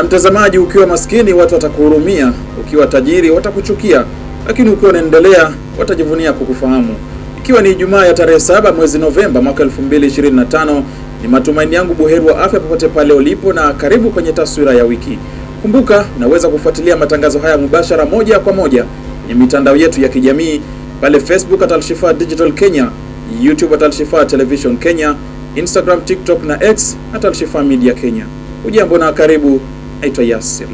Na mtazamaji, ukiwa maskini watu watakuhurumia, ukiwa tajiri watakuchukia, lakini ukiwa unaendelea watajivunia kukufahamu. Ikiwa ni Ijumaa ya tarehe saba mwezi Novemba mwaka 2025, ni matumaini yangu buheri wa afya popote pale ulipo, na karibu kwenye taswira ya wiki. Kumbuka naweza kufuatilia matangazo haya mubashara moja kwa moja kwenye mitandao yetu ya kijamii pale Facebook at Alshifa Digital Kenya, YouTube at Alshifa Television Kenya, Instagram, TikTok na X at Alshifa Media Kenya. Ujambo na karibu aitwa Yasir.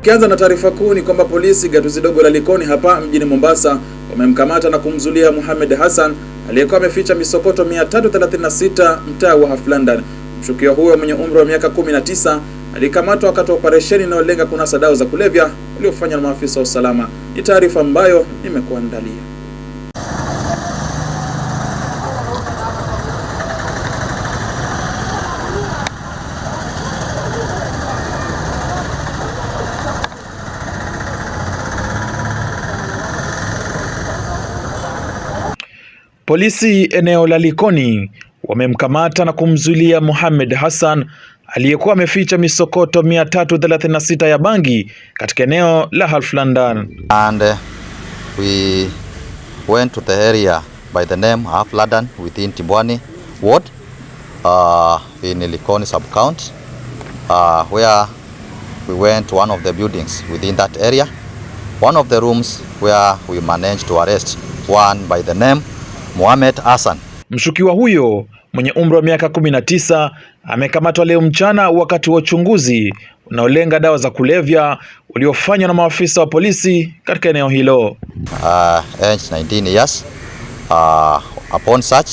Ukianza na taarifa kuu ni kwamba polisi gatuzi dogo la Likoni hapa mjini Mombasa wamemkamata na kumzulia Muhammad Hassan aliyekuwa ameficha misokoto 336 mtaa wa Half London. Mshukiwa huyo mwenye umri wa miaka 19 alikamatwa wakati wa operesheni inayolenga kunasa dawa za kulevya uliofanywa na maafisa wa usalama. Ni taarifa ambayo nimekuandalia. Polisi eneo la Likoni wamemkamata na kumzuilia Mohamed Hassan aliyekuwa ameficha misokoto 336 ya bangi katika eneo la Half London. And uh, we went to the area by the name Half London within Timbwani ward uh, in Likoni sub county uh, where we went to one of the buildings within that area one of the rooms where we managed to arrest one by the name Mohamed Hassan. Mshukiwa huyo mwenye umri wa miaka 19 amekamatwa leo mchana wakati wa uchunguzi unaolenga dawa za kulevya uliofanywa na maafisa wa polisi katika eneo hilo. Uh, ah, 19 years. Uh, upon search,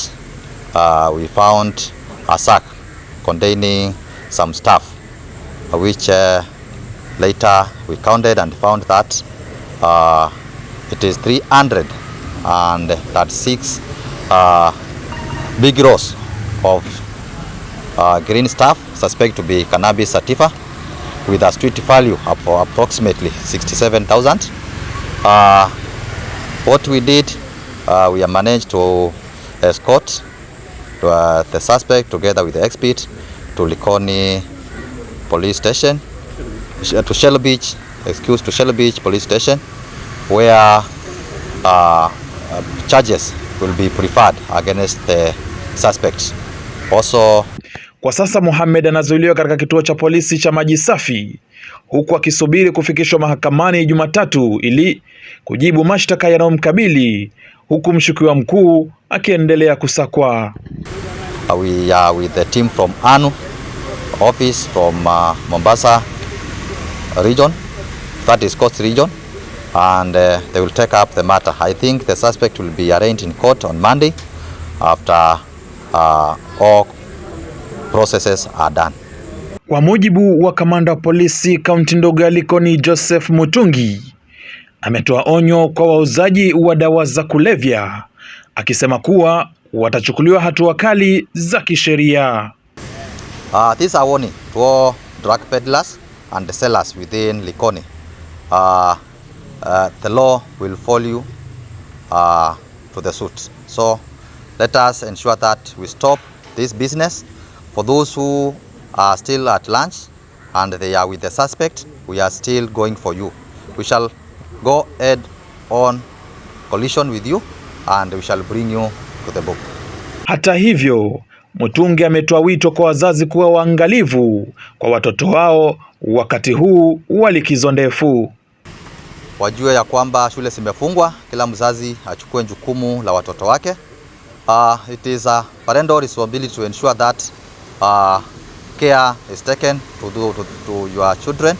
uh, we found a sack containing some stuff which uh, later we counted and found that uh, it is 300 and 36 uh, big rows of uh, green stuff suspect to be cannabis sativa with a street value of approximately 67,000. Uh, what we did, uh, we managed to escort to, uh, the suspect together with the expert to Likoni police station, to Shell Beach, excuse to Shell Beach police station, where uh, Uh, charges will be preferred against the suspects. Also, kwa sasa Mohamed anazuiliwa katika kituo cha polisi cha Maji Safi huku akisubiri kufikishwa mahakamani Jumatatu ili kujibu mashtaka yanayomkabili huku mshukiwa mkuu akiendelea kusakwa. Uh, we are with the team from ANU office from uh, Mombasa region, that is Coast region and uh, they will take up the matter. I think the suspect will be arraigned in court on Monday after uh, all processes are done. Kwa mujibu wa kamanda wa polisi kaunti ndogo ya Likoni Joseph Mutungi ametoa onyo kwa wauzaji wa dawa za kulevya akisema kuwa watachukuliwa hatua kali za kisheria. Uh, this is a warning to all drug peddlers and sellers within Likoni. Uh, uh, the law will follow you uh, to the suit. So let us ensure that we stop this business. For those who are still at lunch and they are with the suspect, we are still going for you. We shall go head on collision with you and we shall bring you to the book. Hata hivyo Mutungi ametoa wito kwa wazazi kuwa waangalivu kwa watoto wao wakati huu wa likizo ndefu wajue ya kwamba shule zimefungwa, kila mzazi achukue jukumu la watoto wake. Uh, it is a parental responsibility to ensure that uh, care is taken to, do, to, to your children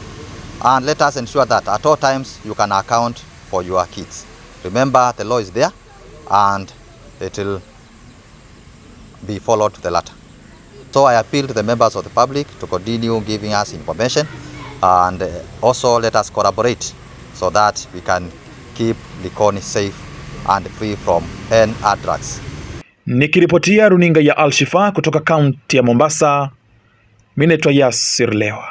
and let us ensure that at all times you can account for your kids. Remember the law is there and it will be followed to the letter. So I appeal to the members of the public to continue giving us information and eh, also let us collaborate so that we can keep the corn safe and free from any anthrax. Nikiripotia runinga ya Al kutoka kaunti ya Mombasa, mimi naitwa Yasir Lewa.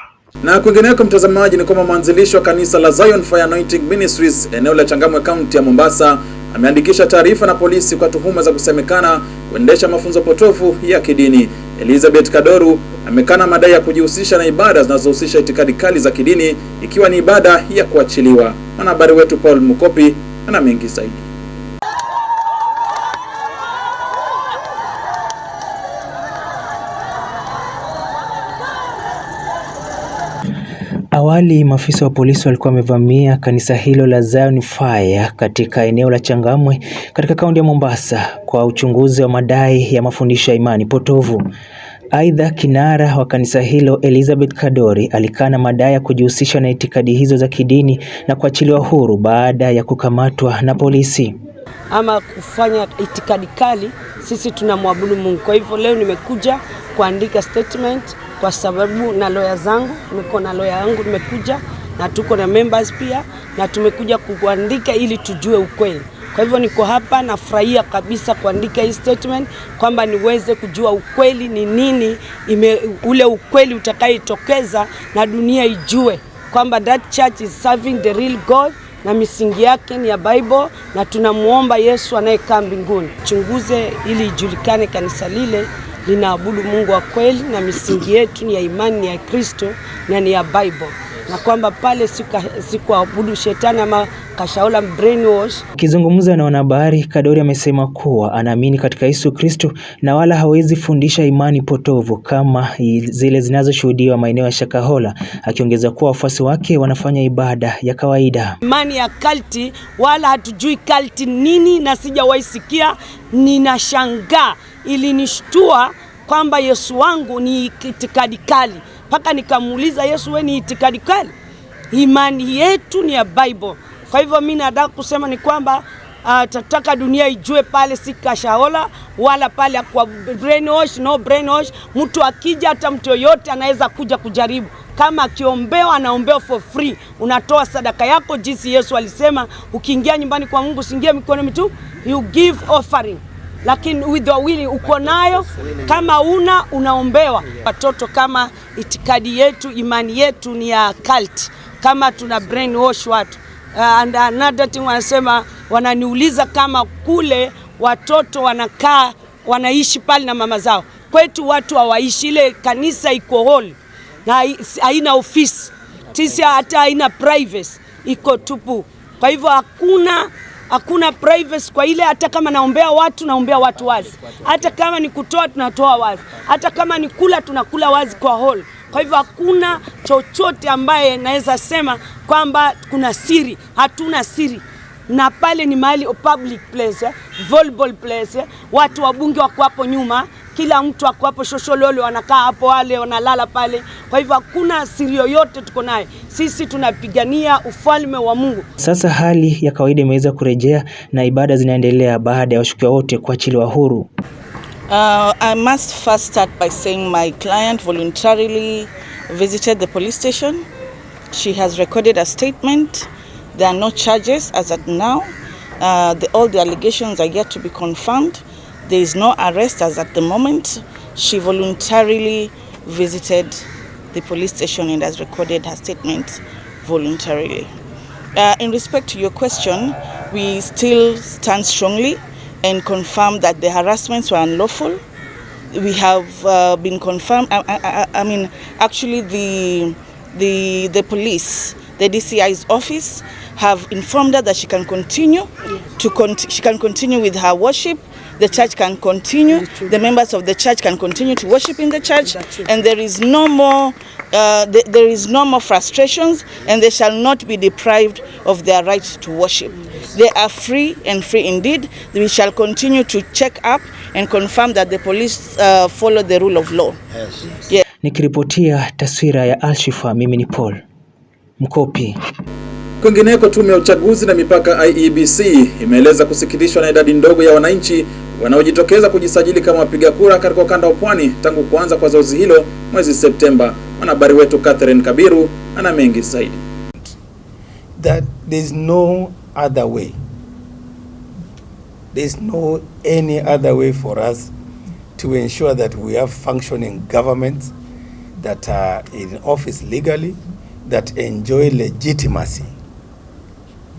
Na kwingineko, mtazamaji, ni kwamba mwanzilishi wa kanisa la Zion Fire Anointing Ministries eneo la Changamwe kaunti ya Mombasa ameandikisha taarifa na polisi kwa tuhuma za kusemekana kuendesha mafunzo potofu ya kidini. Elizabeth Kadoru amekana madai ya kujihusisha na ibada zinazohusisha itikadi kali za kidini ikiwa ni ibada ya kuachiliwa. Mwanahabari wetu Paul Mukopi ana mengi zaidi. Awali maafisa wa polisi walikuwa wamevamia kanisa hilo la Zion Fire katika eneo la Changamwe katika kaunti ya Mombasa kwa uchunguzi wa madai ya mafundisho ya imani potovu. Aidha, kinara wa kanisa hilo Elizabeth Kadori alikana madai ya kujihusisha na itikadi hizo za kidini na kuachiliwa huru baada ya kukamatwa na polisi. Ama kufanya itikadi kali, sisi tunamwabudu Mungu. Kwa hivyo leo nimekuja kuandika statement kwa sababu na loya zangu, niko na loya yangu, nimekuja na tuko na members pia, na tumekuja kuandika ili tujue ukweli. Kwa hivyo niko hapa, nafurahia kabisa kuandika hii statement kwamba niweze kujua ukweli ni nini ime, ule ukweli utakayotokeza na dunia ijue kwamba that church is serving the real God na misingi yake ni ya Bible, na tunamwomba Yesu anayekaa mbinguni chunguze ili ijulikane kanisa lile ninaabudu Mungu wa kweli na misingi yetu ni ya imani, ya Kristo na ni ya Bible na kwamba pale sikuabudu shetani ama kashaola brainwash. Akizungumza na wanahabari, Kadori amesema kuwa anaamini katika Yesu Kristo na wala hawezi fundisha imani potovu kama zile zinazoshuhudiwa maeneo ya Shakahola, akiongeza kuwa wafuasi wake wanafanya ibada ya kawaida. Imani ya kalti, wala hatujui kalti nini na sijawahi sikia, ninashangaa ilinishtua kwamba Yesu wangu ni itikadi kali, mpaka nikamuuliza Yesu, we ni itikadi kali? Imani yetu ni ya Bible. Kwa hivyo mi nataka kusema ni kwamba Uh, tataka dunia ijue pale si kashaola wala pale kwa brainwash, no brainwash. Mtu akija hata mtu yoyote anaweza kuja kujaribu, kama akiombewa anaombewa for free, unatoa sadaka yako jinsi Yesu alisema, ukiingia nyumbani kwa Mungu singie mikono mitu, you give offering lakini with the will uko nayo, kama una unaombewa. Watoto kama itikadi yetu imani yetu ni ya cult, kama tuna brainwash watu uh, and another thing wanasema, wananiuliza kama kule watoto wanakaa wanaishi pale na mama zao. Kwetu watu hawaishi, ile kanisa iko hall na haina ofisi, tisi, hata haina privacy, iko tupu. Kwa hivyo hakuna hakuna privacy kwa ile. Hata kama naombea watu, naombea watu wazi. Hata kama ni kutoa, tunatoa wazi. Hata kama ni kula, tunakula wazi kwa hall. Kwa hivyo hakuna chochote ambaye naweza sema kwamba kuna siri, hatuna siri na pale ni mahali public place, eh, volleyball place, eh, watu bunge wako hapo nyuma, kila mtu ako hapo shosholole, wanakaa hapo, wale wanalala pale. Kwa hivyo hakuna siri yoyote tuko naye sisi, tunapigania ufalme wa Mungu. Sasa hali ya kawaida imeweza kurejea na ibada zinaendelea baada ya washukiwa wote kuachiliwa huru. Uh, I must first start by saying my client voluntarily visited the police station. She has recorded a statement. There are no charges as at now. Uh, the, all the allegations are yet to be confirmed. There is no arrest as at the moment. She voluntarily visited the police station and has recorded her statement voluntarily. Uh, in respect to your question, we still stand strongly and confirm that the harassments were unlawful. We have uh, been confirmed, I, I, I, mean, actually the, the, the police, the DCI's office, have informed her that she can continue to con she can continue with her worship the church can continue, the members of the church can continue to worship in the church, and there is no more uh, th there is no more frustrations, and they shall not be deprived of their right to worship. They are free and free indeed. We shall continue to check up and confirm that the police uh, follow the rule of law. Yes. Yeah. Nikiripotia taswira ya Alshifa, mimi ni Paul Mkopi. Kwingineko, tume ya uchaguzi na mipaka IEBC imeeleza kusikitishwa na idadi ndogo ya wananchi Wanaojitokeza kujisajili kama wapiga kura katika ukanda wa pwani tangu kuanza kwa zoezi hilo mwezi Septemba. Mwanahabari wetu Catherine Kabiru ana mengi zaidi. That there is no other way. There is no any other way for us to ensure that we have functioning governments that are in office legally that enjoy legitimacy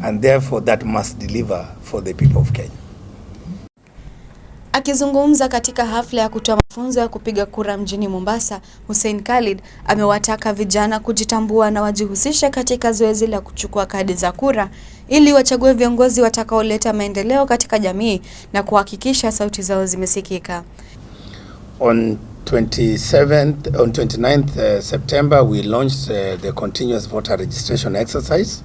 and therefore that must deliver for the people of Kenya. Akizungumza katika hafla ya kutoa mafunzo ya kupiga kura mjini Mombasa, Hussein Khalid amewataka vijana kujitambua na wajihusishe katika zoezi la kuchukua kadi za kura ili wachague viongozi watakaoleta maendeleo katika jamii na kuhakikisha sauti zao zimesikika. On 27th, on 29th, uh, September we launched uh, the continuous voter registration exercise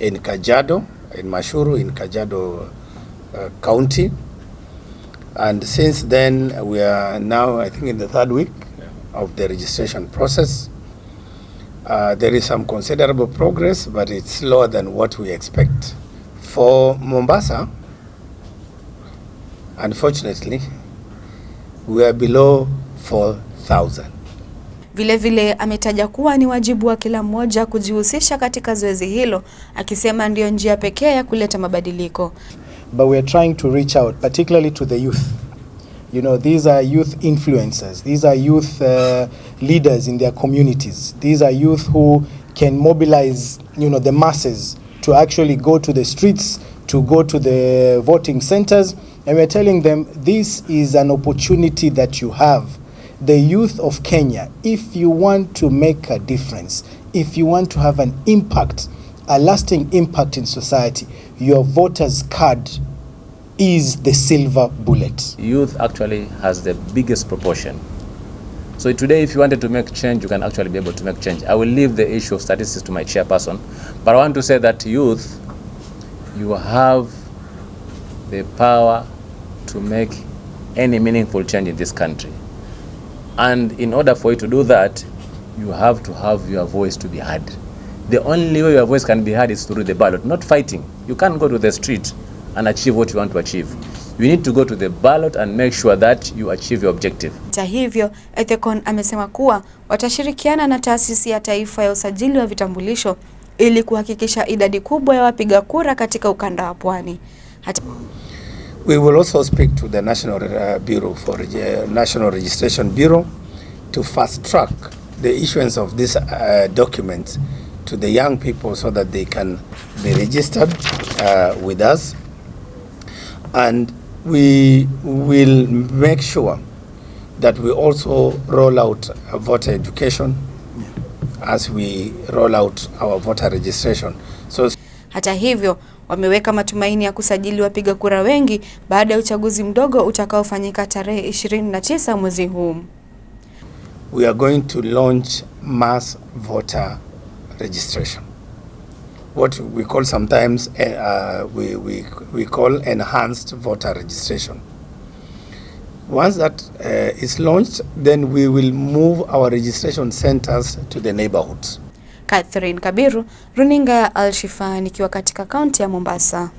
in Kajado, in Mashuru, in Kajado uh, County. And since then, we are now, I think, in the third week of the registration process. Uh, there is some considerable progress, but it's slower than what we expect. For Mombasa, unfortunately, we are below 4,000. Vilevile ametaja kuwa ni wajibu wa kila mmoja kujihusisha katika zoezi hilo, akisema ndiyo njia pekee ya kuleta mabadiliko. but we're trying to reach out, particularly to the youth. You know, these are youth influencers. These are youth uh, leaders in their communities. These are youth who can mobilize, you know, the masses to actually go to the streets, to go to the voting centers. And we're telling them this is an opportunity that you have. The youth of Kenya, if you want to make a difference, if you want to have an impact a lasting impact in society, your voter's card is the silver bullet. Youth actually has the biggest proportion. So today, if you wanted to make change, you can actually be able to make change. I will leave the issue of statistics to my chairperson, but I want to say that youth, you have the power to make any meaningful change in this country. And in order for you to do that, you have to have your voice to be heard. the only way your voice can be heard is through the ballot, not fighting. You can't go to the street and achieve what you want to achieve. You need to go to the ballot and make sure that you achieve your objective. Hata hivyo, Ethekon amesema kuwa watashirikiana na Taasisi ya Taifa ya Usajili wa Vitambulisho ili kuhakikisha idadi kubwa ya wapiga kura katika ukanda wa Pwani. Hata... We will also speak to the National uh, Bureau for uh, National Registration Bureau to fast track the issuance of these uh, documents to the young people so that they can be registered uh, with us. And we will make sure that we also roll out a voter education yeah. as we roll out our voter registration. So, hata hivyo wameweka matumaini ya kusajili wapiga kura wengi baada ya uchaguzi mdogo utakaofanyika tarehe 29 mwezi huu. We are going to launch mass voter registration. What we call sometimes eh, uh, we, we, we call enhanced voter registration. Once that uh, is launched, then we will move our registration centers to the neighborhoods. Catherine Kabiru, runinga ya Alshifa nikiwa katika kaunti ya Mombasa.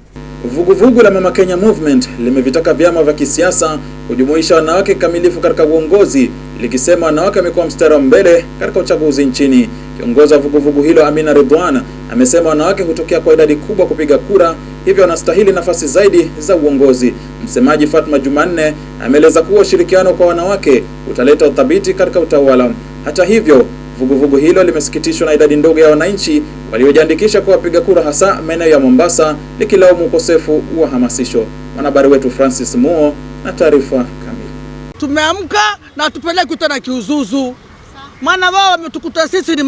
Vuguvugu la Mama Kenya Movement limevitaka vyama vya kisiasa kujumuisha wanawake kikamilifu katika uongozi likisema wanawake wamekuwa mstari wa mbele katika uchaguzi nchini. Kiongozi wa vuguvugu hilo Amina Ridwan amesema wanawake hutokea kwa idadi kubwa kupiga kura, hivyo wanastahili nafasi zaidi za uongozi. Msemaji Fatma Jumanne ameeleza kuwa ushirikiano kwa wanawake utaleta uthabiti katika utawala. Hata hivyo Vuguvugu hilo limesikitishwa na idadi ndogo ya wananchi waliojiandikisha kuwa wapiga kura, hasa maeneo ya Mombasa, likilaumu ukosefu wa hamasisho. Mwanahabari wetu Francis Muo na taarifa kamili. Tumeamka na tupeleke tena kiuzuzu, maana wao wametukuta sisi ni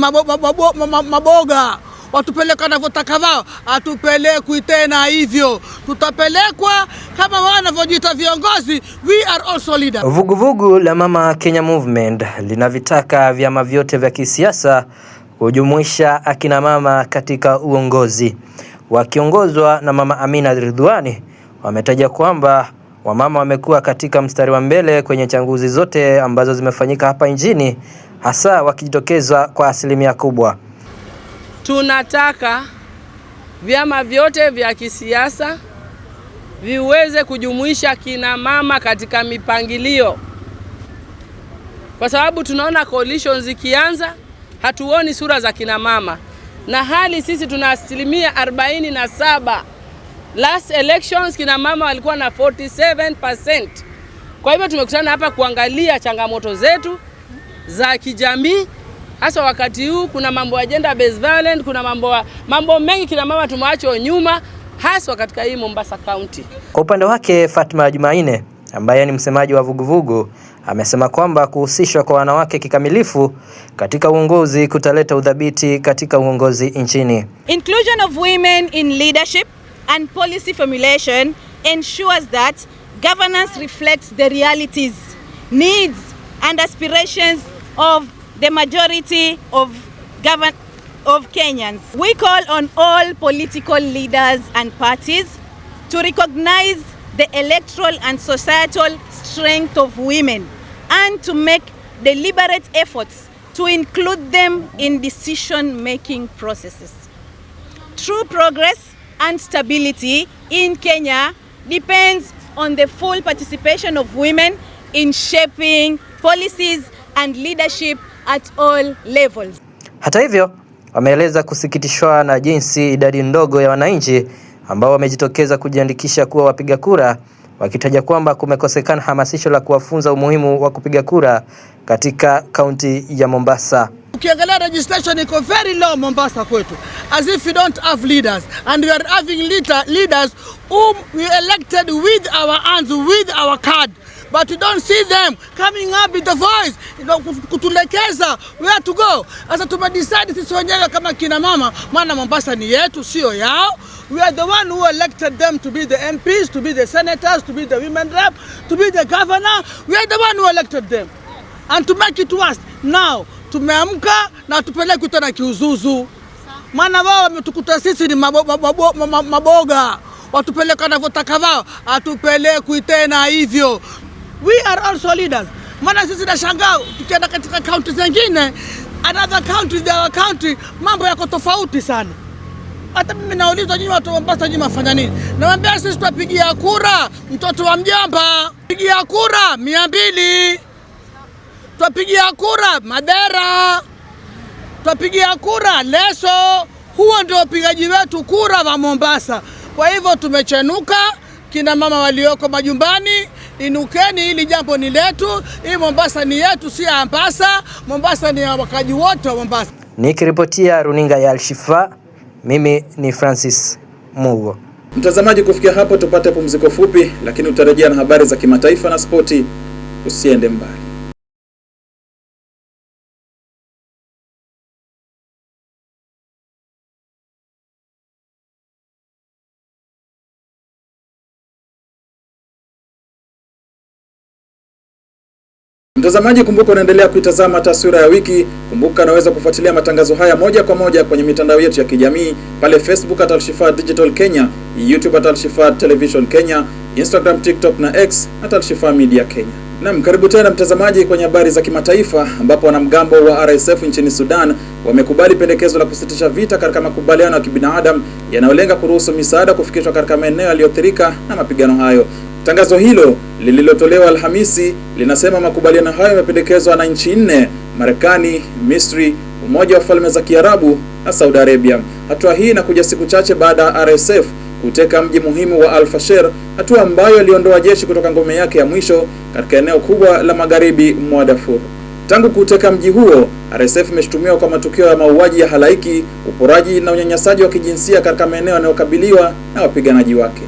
maboga watupeleka wanavyotaka wao, hatupelekwi tena hivyo, tutapelekwa kama wao wanavyojiita viongozi. We are also leaders. Vuguvugu la Mama Kenya Movement linavitaka vyama vyote vya kisiasa hujumuisha akina mama katika uongozi. Wakiongozwa na Mama Amina ridhwani wametaja kwamba wamama wamekuwa katika mstari wa mbele kwenye chaguzi zote ambazo zimefanyika hapa nchini, hasa wakijitokeza kwa asilimia kubwa tunataka vyama vyote vya kisiasa viweze kujumuisha kina mama katika mipangilio, kwa sababu tunaona coalition zikianza hatuoni sura za kina mama, na hali sisi tuna asilimia 47 saba. Last elections kina mama walikuwa na 47%. Kwa hivyo tumekutana hapa kuangalia changamoto zetu za kijamii hasa wakati huu. Kuna mambo ya gender based violence, kuna mambo wa, mambo mengi kina mama tumewachwa nyuma, haswa katika hii Mombasa County. Kwa upande wake Fatma Jumaine ambaye ni msemaji wa vuguvugu amesema kwamba kuhusishwa kwa wanawake kikamilifu katika uongozi kutaleta udhabiti katika uongozi nchini. Inclusion of women in leadership and policy formulation ensures that governance reflects the realities, needs and aspirations of the majority of govern of Kenyans. We call on all political leaders and parties to recognize the electoral and societal strength of women and to make deliberate efforts to include them in decision-making processes. True progress and stability in Kenya depends on the full participation of women in shaping policies and leadership at all levels. Hata hivyo, wameeleza kusikitishwa na jinsi idadi ndogo ya wananchi ambao wamejitokeza kujiandikisha kuwa wapiga kura wakitaja kwamba kumekosekana hamasisho la kuwafunza umuhimu wa kupiga kura katika kaunti ya Mombasa. Ukiangalia registration iko very low Mombasa kwetu, as if we don't have leaders and we are having leaders whom we elected with our hands, with our card but you don't see them coming up with the voice you know, kutulekeza where to go. Sasa tumedecide sisi wenyewe kama kina mama, maana Mombasa ni yetu, sio yao. We are the one who elected them to be the MPs, to be the senators, to be the women rep, to be the governor. We are the one who elected them. And to make it worse, now tumeamka na tupeleke tena kiuzuzu, maana wao wametukuta sisi ni mabo, mabo, mabo, maboga watupeleka wanavyotaka wao, hatupelekwi tena hivyo we are also leaders. Maana sisi nashangaa tukienda katika kaunti zingine, another county the our country, mambo yako tofauti sana. Hata mimi naulizwa, nyinyi watu wa Mombasa, nyinyi mafanya nini? Nawaambia sisi tutapigia kura mtoto wa mjomba, pigia kura mia mbili, twapigia kura Madera, tutapigia kura Leso. Huo ndio upigaji wetu kura wa Mombasa. Kwa hivyo tumechenuka, kina mama walioko majumbani Inukeni, hili jambo ni letu. Hii Mombasa ni yetu, si ya Mombasa. Mombasa ni ya wakaji wote wa Mombasa. Nikiripotia runinga ya Alshifa, mimi ni Francis Mugo. Mtazamaji, kufikia hapo tupate pumziko fupi, lakini utarejea na habari za kimataifa na spoti. Usiende mbali. Mtazamaji, kumbuka unaendelea kuitazama taswira ya wiki. Kumbuka unaweza kufuatilia matangazo haya moja kwa moja kwenye mitandao yetu ya kijamii pale Facebook at Alshifa Digital Kenya, YouTube at Alshifa Television Kenya, Instagram, TikTok na X at Alshifa Media Kenya. Naam, karibu tena mtazamaji kwenye habari za kimataifa ambapo wanamgambo wa RSF nchini Sudan wamekubali pendekezo la kusitisha vita katika makubaliano ya kibinadamu yanayolenga kuruhusu misaada kufikishwa katika maeneo yaliyoathirika na mapigano hayo. Tangazo hilo lililotolewa Alhamisi linasema makubaliano hayo yamependekezwa na nchi nne: Marekani, Misri, Umoja wa Falme za Kiarabu na Saudi Arabia. Hatua hii inakuja siku chache baada ya RSF kuteka mji muhimu wa Al-Fasher, hatua ambayo iliondoa jeshi kutoka ngome yake ya mwisho katika eneo kubwa la magharibi mwa Darfur. Tangu kuteka mji huo, RSF imeshutumiwa kwa matukio ya mauaji ya halaiki, uporaji na unyanyasaji wa kijinsia katika maeneo yanayokabiliwa na wapiganaji wake.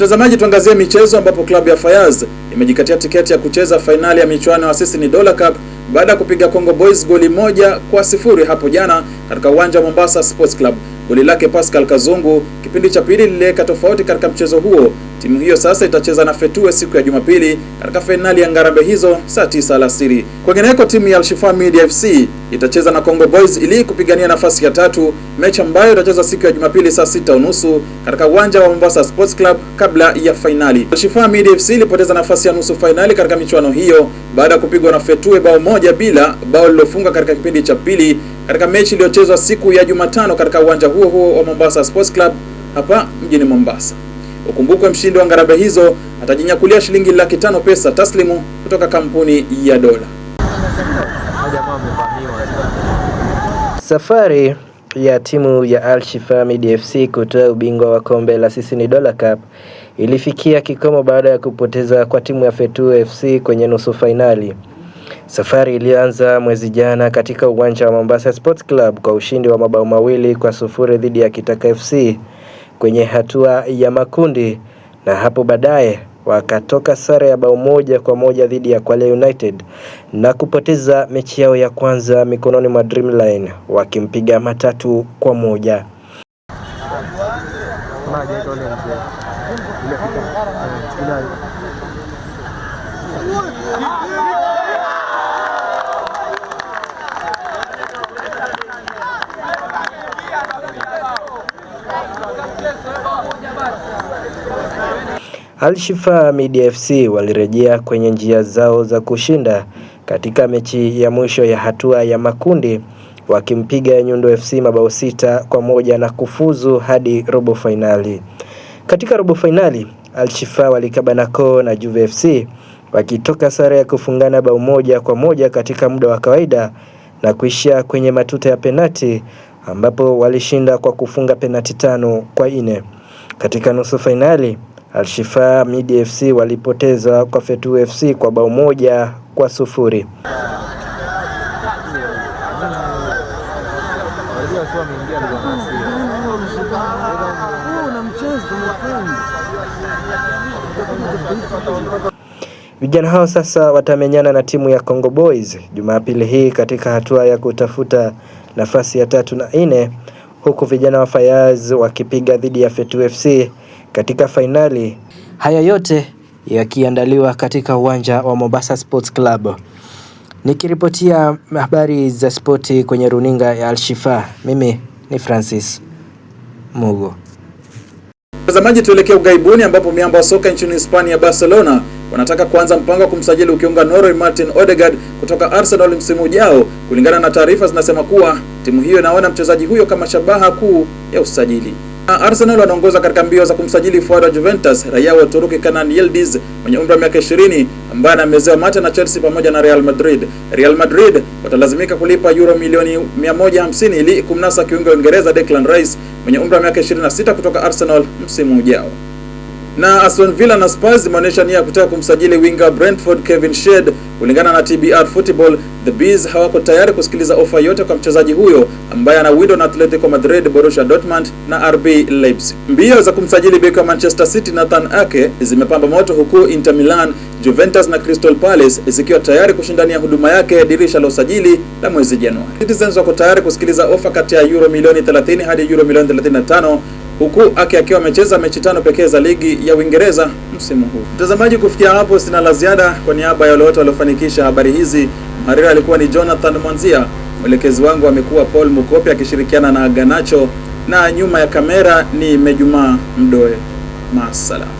Mtazamaji, tuangazie michezo ambapo klabu ya Fayaz imejikatia tiketi ya kucheza fainali ya michuano ya Sisi ni Dola Cup baada ya kupiga Congo Boys goli moja kwa sifuri hapo jana katika uwanja wa Mombasa Sports Club. Goli lake Pascal Kazungu Kipindi cha pili liliweka tofauti katika mchezo huo. Timu hiyo sasa itacheza na Fetue siku ya Jumapili katika fainali ya ngarambe hizo saa tisa alasiri. Kwingineko, timu ya Alshifa Media FC itacheza na Congo Boys ili kupigania nafasi ya tatu, mechi ambayo itacheza siku ya Jumapili saa sita unusu katika uwanja wa Mombasa Sports Club kabla ya fainali. Alshifa Media FC ilipoteza nafasi ya nusu fainali katika michuano hiyo baada ya kupigwa na Fetue bao moja bila, bao lilofunga katika kipindi cha pili katika mechi iliyochezwa siku ya Jumatano katika uwanja huo huo wa Mombasa Sports Club hapa mjini Mombasa. Ukumbukwe, mshindi wa ngarabe hizo atajinyakulia shilingi laki tano pesa taslimu kutoka kampuni ya Dola. Safari ya timu ya Al Shifa Mid FC kutoa ubingwa wa kombe la Sisini Dola Cup ilifikia kikomo baada ya kupoteza kwa timu ya Fetu FC kwenye nusu fainali. Safari ilianza mwezi jana katika uwanja wa Mombasa Sports Club kwa ushindi wa mabao mawili kwa sufuri dhidi ya Kitaka FC kwenye hatua ya makundi na hapo baadaye wakatoka sare ya bao moja kwa moja dhidi ya Kwale United na kupoteza mechi yao ya kwanza mikononi mwa Dreamline wakimpiga matatu kwa moja. Al Shifaa FC walirejea kwenye njia zao za kushinda katika mechi ya mwisho ya hatua ya makundi wakimpiga Nyundo FC mabao sita kwa moja na kufuzu hadi robo fainali. Katika robo fainali, Al walikabana koo na Juve FC wakitoka sare ya kufungana bao moja kwa moja katika muda wa kawaida na kuishia kwenye matuta ya penati ambapo walishinda kwa kufunga penati tano kwa nne. Katika nusu fainali Alshifa Midi FC walipoteza kwa Fetu FC kwa bao moja kwa sufuri. Vijana hao sasa watamenyana na timu ya Congo Boys Jumapili hii katika hatua ya kutafuta nafasi ya tatu na nne, huku vijana wa Fayaz wakipiga dhidi ya Fetu FC katika fainali. Haya yote yakiandaliwa katika uwanja wa Mombasa Sports Club. Nikiripotia habari za spoti kwenye runinga ya Alshifa, mimi ni Francis Mugo. mtazamaji tuelekea ugaibuni ambapo miamba wa soka nchini Hispania Barcelona wanataka kuanza mpango wa kumsajili ukiunga Norway Martin Odegaard kutoka Arsenal msimu ujao. Kulingana na taarifa zinasema kuwa timu hiyo inaona mchezaji huyo kama shabaha kuu ya usajili. Arsenal wanaongoza katika mbio za kumsajili mfuadi wa Juventus raia wa Uturuki Kenan Yildiz mwenye umri wa miaka 20 ambaye anamezewa mate na Chelsea pamoja na Real Madrid. Real Madrid watalazimika kulipa euro milioni 150 ili kumnasa kiungo wa Uingereza Declan Rice mwenye umri wa miaka 26 kutoka Arsenal msimu ujao na Aston Villa na Spurs zimeonyesha nia ya kutaka kumsajili winga Brentford Kevin shed Kulingana na TBR Football, the Bees hawako tayari kusikiliza ofa yote kwa mchezaji huyo ambaye ana window na Atletico Madrid, Borussia Dortmund na RB Leipzig. Mbio za kumsajili beki wa Manchester City Nathan Ake zimepamba moto huku Inter Milan, Juventus na Crystal Palace zikiwa tayari kushindania huduma yake dirisha la usajili la mwezi Januari. Citizens wako tayari kusikiliza ofa kati ya euro milioni 30 hadi euro milioni 35 huku Ake akiwa amecheza mechi tano pekee za ligi ya Uingereza msimu huu. Mtazamaji, kufikia hapo sina la ziada. Kwa niaba ya wale wote waliofanikisha habari hizi, mhariri alikuwa ni Jonathan Mwanzia, mwelekezi wangu amekuwa Paul Mukopi akishirikiana na Ganacho, na nyuma ya kamera ni Mejumaa Mdoe. Masalam.